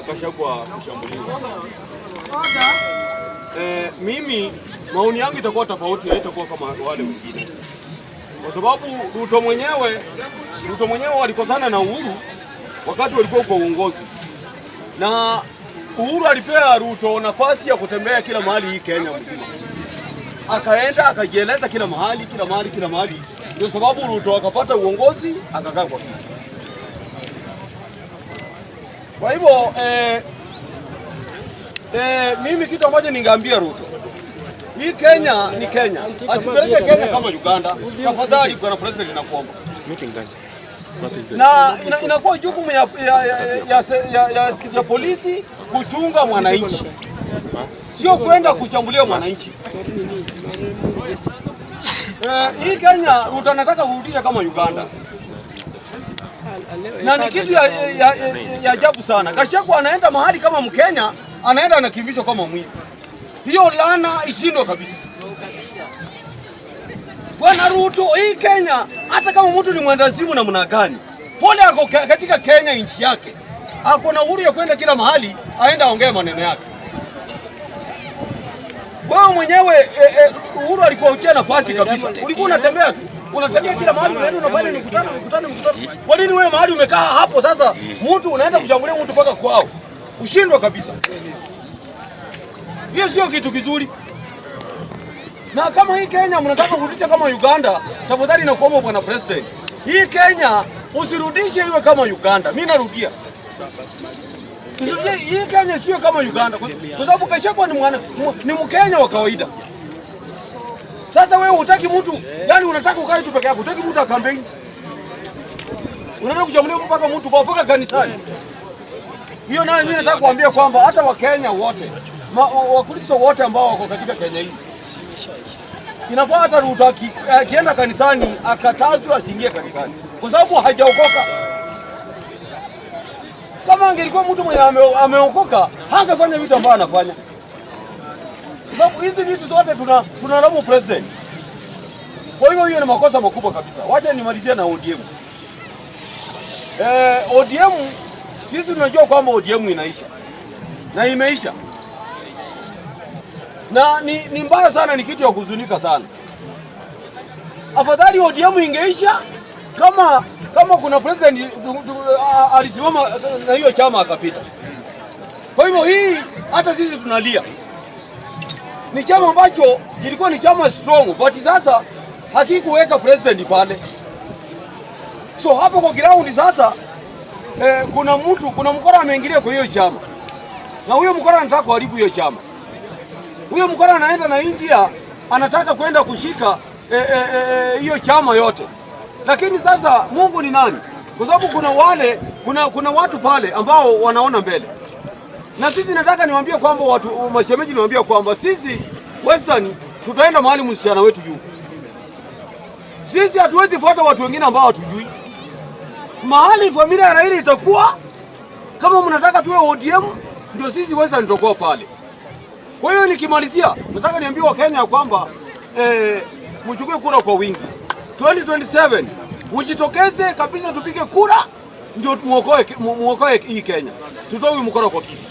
akashakwa kushambuliwa. E, mimi maoni yangu itakuwa tofauti, haitakuwa kama wale wengine, kwa sababu Ruto mwenyewe Ruto mwenyewe walikosana na Uhuru wakati walikuwa kwa uongozi, na Uhuru alipea Ruto nafasi ya kutembea kila mahali hii Kenya mzima, akaenda akajieleza kila mahali kila mahali kila mahali, ndio sababu Ruto akapata uongozi akakaa kwa kiti. Kwa hivyo eh, eh, mimi kitu ambacho ningeambia Ruto, hii Kenya ni Kenya, asipeleke Kenya kama Uganda. Tafadhali bwana president, nakuomba na ina, inakuwa jukumu ya, ya, ya, ya, ya, ya, ya polisi kuchunga mwananchi, sio kwenda kuchambulia mwananchi. Eh, hii Kenya Ruto anataka urudishe kama Uganda na ni kitu ya ajabu sana. Gachagua anaenda mahali kama Mkenya, anaenda anakimbishwa kama mwizi. Hiyo lana ishindwe kabisa. Bwana Ruto, hii Kenya, hata kama mtu ni mwandazimu na mnagani pole, ako katika Kenya nchi yake, ako na uhuru ya kwenda kila mahali, aenda aongee maneno yake. Wewe mwenyewe eh, eh, Uhuru alikuwa uchia nafasi kabisa, ulikuwa unatembea tu unatabia kila mahali unaenda unafanya mikutano mikutano mikutano. Kwa nini wewe mahali umekaa hapo sasa, mtu unaenda kushambulia mtu mpaka kwao? Ushindwa kabisa. Hiyo sio kitu kizuri. Na kama hii Kenya mnataka kurudisha kama Uganda, tafadhali nakuomba bwana president, hii Kenya usirudishe iwe kama Uganda. Mimi narudia hii Kenya sio kama Uganda, kwa sababu Gachagua ni Mkenya wa kawaida. Sasa wewe utaki mtu yani, unataka ukae tu peke yako, unataki mtu akampeni, Unaona kuchagulia mpaka mtu kwa paka kanisani. Hiyo nayo mimi nataka kuambia kwamba hata Wakenya wote Wakristo wote ambao wako katika Kenya hii inafaa hata Ruto eh, akienda kanisani akatazwe asiingie kanisani kwa sababu hajaokoka. Kama angelikuwa mtu mwenye ameokoka hangefanya vitu ambavyo anafanya sababu hizi vitu zote tunalaumu president. Kwa hiyo hiyo ni makosa makubwa kabisa. Wacha nimalizie na ODM. Eh, ODM sisi tunajua kwamba ODM inaisha na imeisha, na ni, ni mbaya sana, ni kitu ya kuhuzunika sana. Afadhali ODM ingeisha kama kama kuna president alisimama na hiyo chama akapita. Kwa hivyo hii hata sisi tunalia ni chama ambacho kilikuwa ni chama strong, but sasa hakikuweka president pale. So hapo kwa ground sasa eh, kuna mtu kuna mkora ameingilia kwa hiyo chama, na huyo mkora anataka kuharibu hiyo chama. Huyo mkora anaenda na injia anataka kwenda kushika hiyo eh, eh, eh, chama yote. Lakini sasa Mungu ni nani? Kwa sababu kuna wale kuna, kuna watu pale ambao wanaona mbele na sisi nataka niwaambie kwamba watu mashemeji, niwaambie kwamba sisi Western tutaenda mahali msichana wetu yuko. Sisi hatuwezi fuata watu wengine ambao hatujui mahali familia ya Raila itakuwa. Kama mnataka tuwe ODM, ndio sisi Western tutakuwa pale. Kwa hiyo nikimalizia, nataka niambie Wakenya kwamba eh, mchukue kura kwa wingi 2027 mjitokeze kabisa, tupige kura ndio muokoe hii Kenya, tutoe mkono kwa kiti.